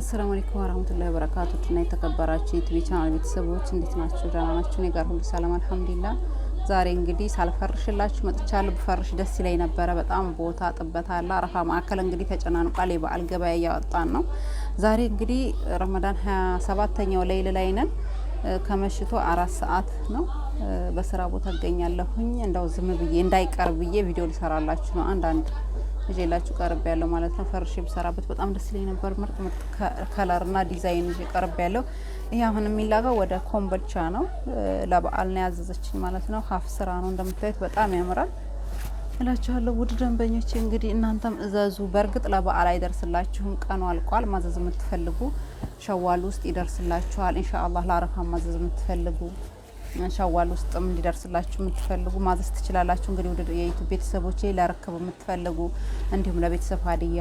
አሰላሙ አለይኩም ወራህመቱላሂ ወበረካቱ እና የተከበራችሁ የዩቲዩብ ቻናል ቤተሰቦች እንዴት ናችሁ? ደህና ናችሁ? እኔ ጋር ሁሉ ሰላም አልሐምዱሊላህ። ዛሬ እንግዲህ ሳልፈርሽላችሁ መጥቻለሁ። ብፈርሽ ደስ ይለኝ ነበረ። በጣም ቦታ ጥበት አለ። አረፋ ማዕከል እንግዲህ ተጨናንቋል። የበዓል ገበያ እያወጣን ነው። ዛሬ እንግዲህ ረመዳን 27ኛው ሌሊት ላይ ነን። ከመሽቶ አራት ሰዓት ነው። በስራ ቦታ እገኛለሁኝ። እንደው ዝም ብዬ እንዳይቀር ብዬ ቪዲዮ ልሰራላችሁ ነው አንዳንድ ይዤላችሁ ቀርብ ያለው ማለት ነው። ፈርሽ ብሰራበት በጣም ደስ ይለኝ ነበር። ምርጥ ምርጥ ከለርና ዲዛይን ይዤ ቀርብ ያለው። ይሄ አሁን የሚላገው ወደ ኮምቦልቻ ነው። ለበዓል ነው ያዘዘችኝ ማለት ነው። ሀፍ ስራ ነው እንደምታዩት፣ በጣም ያምራል እላችኋለሁ። ውድ ደንበኞች እንግዲህ እናንተም እዘዙ። በእርግጥ ለበዓል አይደርስላችሁም፣ ቀኑ አልቋል። ማዘዝ የምትፈልጉ ሸዋል ውስጥ ይደርስላችኋል ኢንሻአላህ አላህ። ለአረፋ ማዘዝ የምትፈልጉ ሻዋል ውስጥም እንዲደርስላችሁ የምትፈልጉ ማዘዝ ትችላላችሁ። እንግዲህ ወደ የዩቱብ ቤተሰቦቼ ለርክቡ የምትፈልጉ እንዲሁም ለቤተሰብ ሀዲያ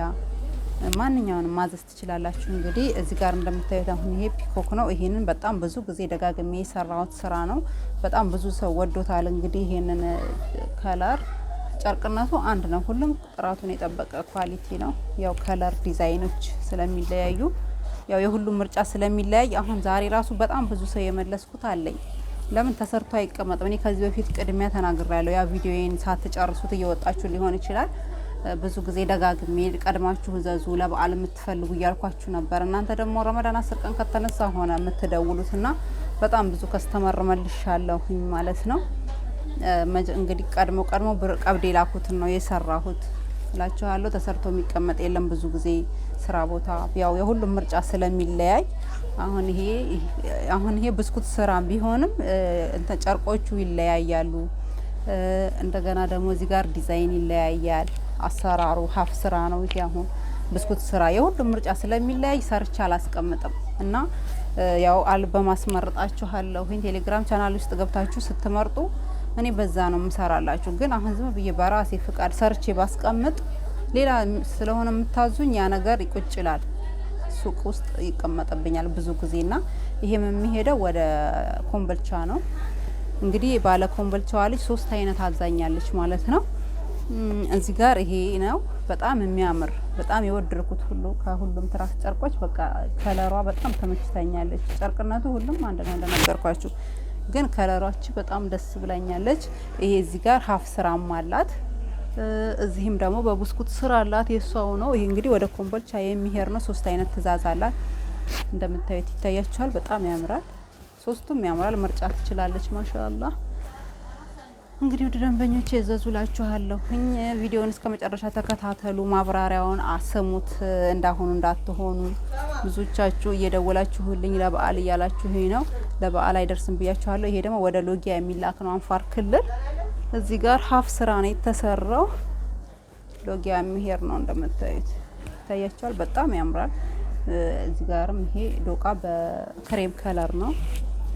ማንኛውንም ማዘዝ ትችላላችሁ። እንግዲህ እዚህ ጋር እንደምታዩት አሁን ይሄ ፒኮክ ነው። ይሄንን በጣም ብዙ ጊዜ ደጋግሜ የሰራሁት ስራ ነው። በጣም ብዙ ሰው ወዶታል። እንግዲህ ይሄንን ከለር ጨርቅነቱ አንድ ነው። ሁሉም ጥራቱን የጠበቀ ኳሊቲ ነው። ያው ከለር ዲዛይኖች ስለሚለያዩ ያው የሁሉም ምርጫ ስለሚለያይ አሁን ዛሬ ራሱ በጣም ብዙ ሰው የመለስኩት አለኝ። ለምን ተሰርቶ አይቀመጥም? እኔ ከዚህ በፊት ቅድሚያ ተናግሬያለሁ። ያ ቪዲዮዬን ሳትጨርሱት እየወጣችሁ ሊሆን ይችላል። ብዙ ጊዜ ደጋግሜ ቀድማችሁ እዘዙ ለበዓል የምትፈልጉ እያልኳችሁ ነበር። እናንተ ደግሞ ረመዳን አስር ቀን ከተነሳ ሆነ የምትደውሉትና በጣም ብዙ ከስተመር መልሻለሁኝ ማለት ነው። እንግዲህ ቀድሞ ቀድሞ ቀብድ የላኩትን ነው የሰራሁት። እላችኋለሁ። ተሰርቶ የሚቀመጥ የለም። ብዙ ጊዜ ስራ ቦታ ያው የሁሉም ምርጫ ስለሚለያይ አሁን ይሄ አሁን ይሄ ብስኩት ስራ ቢሆንም እንትን ጨርቆቹ ይለያያሉ። እንደገና ደግሞ እዚህ ጋር ዲዛይን ይለያያል። አሰራሩ ሀፍ ስራ ነው። ይሄ አሁን ብስኩት ስራ የሁሉም ምርጫ ስለሚለያይ ሰርቻ አላስቀምጥም እና ያው አልበም አስመርጣችኋለሁ። ቴሌግራም ቻናል ውስጥ ገብታችሁ ስትመርጡ እኔ በዛ ነው የምሰራላችሁ። ግን አሁን ዝም ብዬ በራሴ ፍቃድ ሰርቼ ባስቀምጥ ሌላ ስለሆነ የምታዙኝ ያ ነገር ይቆጭላል፣ ሱቅ ውስጥ ይቀመጥብኛል ብዙ ጊዜና ይሄም የሚሄደው ወደ ኮምበልቻ ነው። እንግዲህ ባለ ኮምበልቻዋ ልጅ ሶስት አይነት አዛኛለች ማለት ነው። እዚህ ጋር ይሄ ነው በጣም የሚያምር በጣም የወደድኩት ሁሉ ከሁሉም ትራስ ጨርቆች በቃ ከለሯ በጣም ተመችታኛለች። ጨርቅነቱ ሁሉም አንድ ነው እንደነገርኳችሁ ግን ከለሯች በጣም ደስ ብላኛለች። ይሄ እዚህ ጋር ሀፍ ስራም አላት። እዚህም ደግሞ በቡስኩት ስራ አላት የሷው ነው። ይሄ እንግዲህ ወደ ኮምቦልቻ የሚሄድ ነው። ሶስት አይነት ትእዛዝ አላት። እንደምታዩት ይታያችኋል። በጣም ያምራል። ሶስቱም ያምራል። ምርጫ ትችላለች። ማሻአላ እንግዲህ ውድ ደንበኞች እኝ ቪዲዮውን እስከ መጨረሻ ተከታተሉ፣ ማብራሪያውን አሰሙት። እንዳሁኑ እንዳትሆኑ ብዙቻችሁ እየደወላችሁልኝ ለበዓል እያላችሁ ነው ለበዓል አይደርስም ብያችኋለሁ። ይሄ ደግሞ ወደ ሎጊያ የሚላክ ነው፣ አንፋር ክልል። እዚህ ጋር ሀፍ ስራ ነው የተሰራው። ሎጊያ የሚሄድ ነው እንደምታዩት፣ ይታያቸዋል። በጣም ያምራል። እዚህ ጋርም ይሄ ዶቃ በክሬም ከለር ነው፣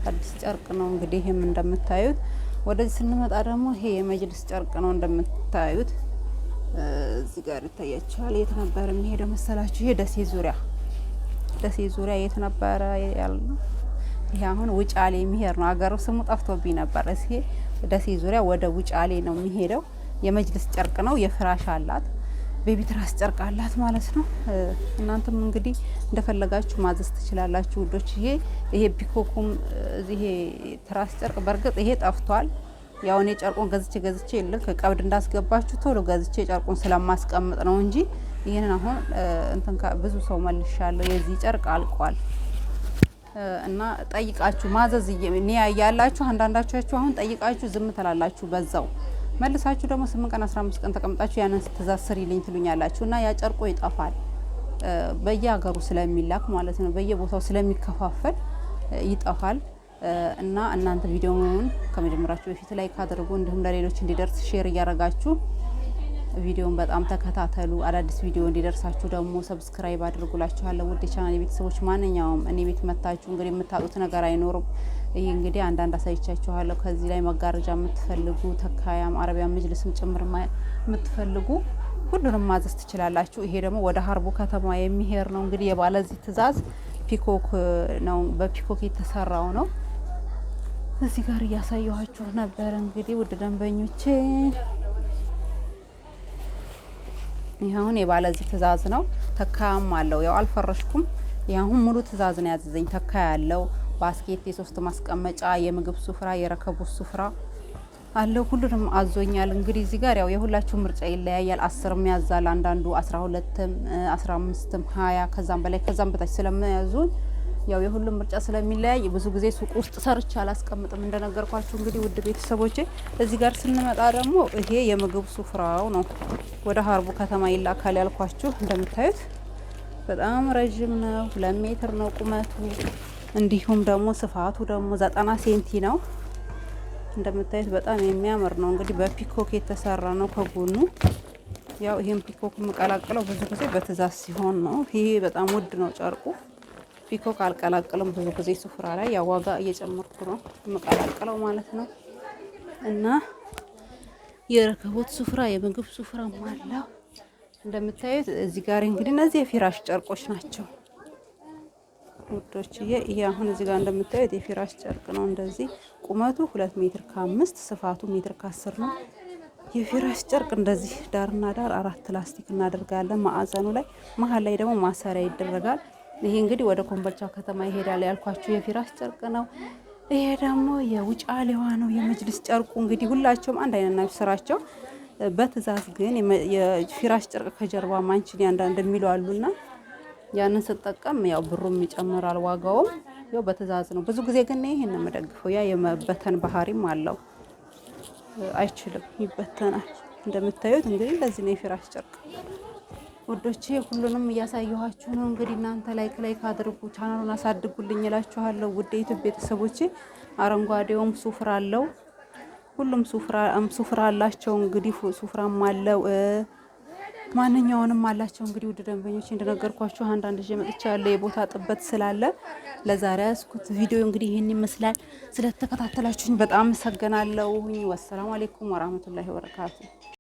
አዲስ ጨርቅ ነው። እንግዲህ ይህም እንደምታዩት ወደዚህ ስንመጣ ደግሞ ይሄ የመጅልስ ጨርቅ ነው እንደምታዩት እዚህ ጋር ይታያቸዋል። የት ነበር የሚሄደው መሰላችሁ? ይሄ ደሴ ዙሪያ ደሴ ዙሪያ የት ነበረ ያልነው ይሄ አሁን ውጫሌ የሚሄድ ነው። አገሩ ስሙ ጠፍቶብኝ ነበር። እስኪ ደሴ ዙሪያ ወደ ውጫሌ ነው የሚሄደው። የመጅልስ ጨርቅ ነው። የፍራሽ አላት፣ ቤቢ ትራስ ጨርቅ አላት ማለት ነው። እናንተም እንግዲህ እንደፈለጋችሁ ማዘዝ ትችላላችሁ ውዶች። ይሄ ይሄ ቢኮኩም ይሄ ትራስ ጨርቅ በእርግጥ ይሄ ጠፍቷል። ያው እኔ ጨርቁን ገዝቼ ገዝቼ ልክ ቀብድ እንዳስገባችሁ ቶሎ ገዝቼ ጨርቁን ስለማስቀምጥ ነው እንጂ ይህንን አሁን እንትን ብዙ ሰው መልሻለሁ። የዚህ ጨርቅ አልቋል። እና ጠይቃችሁ ማዘዝ ኒያ እያላችሁ አንዳንዳችሁ አሁን ጠይቃችሁ ዝም ትላላችሁ። በዛው መልሳችሁ ደግሞ ስምንት ቀን አስራ አምስት ቀን ተቀምጣችሁ ያንን ትእዛዝ ስሪልኝ ትሉኛላችሁ እና ያ ጨርቆ ይጠፋል። በየሀገሩ ስለሚላክ ማለት ነው፣ በየቦታው ስለሚከፋፈል ይጠፋል እና እናንተ ቪዲዮውን ከመጀመራችሁ በፊት ላይክ አድርጉ፣ እንዲሁም ለሌሎች እንዲደርስ ሼር እያረጋችሁ ቪዲዮን በጣም ተከታተሉ። አዳዲስ ቪዲዮ እንዲደርሳችሁ ደግሞ ሰብስክራይብ አድርጉላችኋለሁ። ውድ ቻናል ቤተሰቦች ማንኛውም እኔ ቤት መታችሁ እንግዲህ የምታጡት ነገር አይኖርም። ይህ እንግዲህ አንዳንድ አሳይቻችኋለሁ። ከዚህ ላይ መጋረጃ የምትፈልጉ ተካያም አረቢያ መጅልስም ጭምር የምትፈልጉ ሁሉንም ማዘዝ ትችላላችሁ። ይሄ ደግሞ ወደ ሀርቡ ከተማ የሚሄድ ነው። እንግዲህ የባለዚህ ትዕዛዝ ፒኮክ ነው። በፒኮክ የተሰራው ነው። እዚህ ጋር እያሳየኋችሁ ነበር። እንግዲህ ውድ ደንበኞቼ ይኸውን የባለዚህ ትእዛዝ ነው። ተካያም አለው ያው አልፈረሽኩም። ይኸውን ሙሉ ትእዛዝ ነው ያዘዘኝ። ተካ ያለው ባስኬት፣ የሶስት ማስቀመጫ፣ የምግብ ሱፍራ፣ የረከቦት ሱፍራ አለው ሁሉንም አዞኛል። እንግዲህ እዚህ ጋር ያው የሁላችሁ ምርጫ ይለያያል። አስርም ያዛል አንዳንዱ አስራ ሁለትም አስራ አምስትም ሀያ ከዛም በላይ ከዛም በታች ስለሚያዙን ያው የሁሉም ምርጫ ስለሚለያይ ብዙ ጊዜ ሱቅ ውስጥ ሰርቼ አላስቀምጥም እንደነገርኳችሁ። እንግዲህ ውድ ቤተሰቦቼ እዚህ ጋር ስንመጣ ደግሞ ይሄ የምግብ ሱፍራው ነው። ወደ ሀርቡ ከተማ ይላካል ያልኳችሁ። እንደምታዩት በጣም ረዥም ነው፣ ሁለት ሜትር ነው ቁመቱ። እንዲሁም ደግሞ ስፋቱ ደግሞ ዘጠና ሴንቲ ነው። እንደምታዩት በጣም የሚያምር ነው። እንግዲህ በፒኮክ የተሰራ ነው ከጎኑ ያው ይህም ፒኮክ የምቀላቅለው ብዙ ጊዜ በትእዛዝ ሲሆን ነው። ይሄ በጣም ውድ ነው ጨርቁ ፒኮክ አልቀላቅልም ብዙ ጊዜ ስፍራ ላይ ያው ዋጋ እየጨመርኩ ነው የምቀላቅለው ማለት ነው። እና የረከቦት ስፍራ የምግብ ስፍራ አለው እንደምታዩት እዚህ ጋር እንግዲህ እነዚህ የፊራሽ ጨርቆች ናቸው ውዶችዬ። ይሄ አሁን እዚህ ጋር እንደምታዩት የፊራሽ ጨርቅ ነው። እንደዚህ ቁመቱ ሁለት ሜትር ከአምስት ስፋቱ ሜትር ከአስር ነው። የፊራሽ ጨርቅ እንደዚህ ዳርና ዳር አራት ላስቲክ እናደርጋለን። ማዕዘኑ ላይ መሀል ላይ ደግሞ ማሰሪያ ይደረጋል። ይሄ እንግዲህ ወደ ኮምቦልቻ ከተማ ይሄዳል ያልኳችሁ የፊራስ ጨርቅ ነው። ይሄ ደግሞ የውጫሌዋ ነው የመጅልስ ጨርቁ። እንግዲህ ሁላቸውም አንድ አይነት ናቸው ስራቸው። በትእዛዝ ግን የፊራስ ጨርቅ ከጀርባ ማንችን ያንዳንድ የሚሉ አሉና ያንን ስጠቀም ያው ብሩም ይጨምራል ዋጋውም ያው በትእዛዝ ነው። ብዙ ጊዜ ግን ይሄን የምደግፈው። ያ የመበተን ባህሪም አለው አይችልም፣ ይበተናል። እንደምታዩት እንግዲህ ለዚህ ነው የፊራስ ጨርቅ ወዶቼ ሁሉንም እያሳየኋችሁ ነው። እንግዲህ እናንተ ላይክ ላይክ አድርጉ፣ ቻናሉን አሳድጉልኝ እላችኋለሁ። ውድ ዩቲዩብ ቤተሰቦች አረንጓዴውም ሱፍራ አለው፣ ሁሉም ሱፍራ አላቸው። እንግዲህ ሱፍራም አለው ማንኛውንም አላቸው። እንግዲህ ውድ ደንበኞች እንደነገርኳችሁ አንዳንድ መጥቻ ያለው የቦታ ጥበት ስላለ ለዛሬ ያስኩት ቪዲዮ እንግዲህ ይህን ይመስላል። ስለተከታተላችሁኝ በጣም እሰገናለሁኝ። ወሰላሙ አሌይኩም ወራህመቱላሂ ወበረካቱ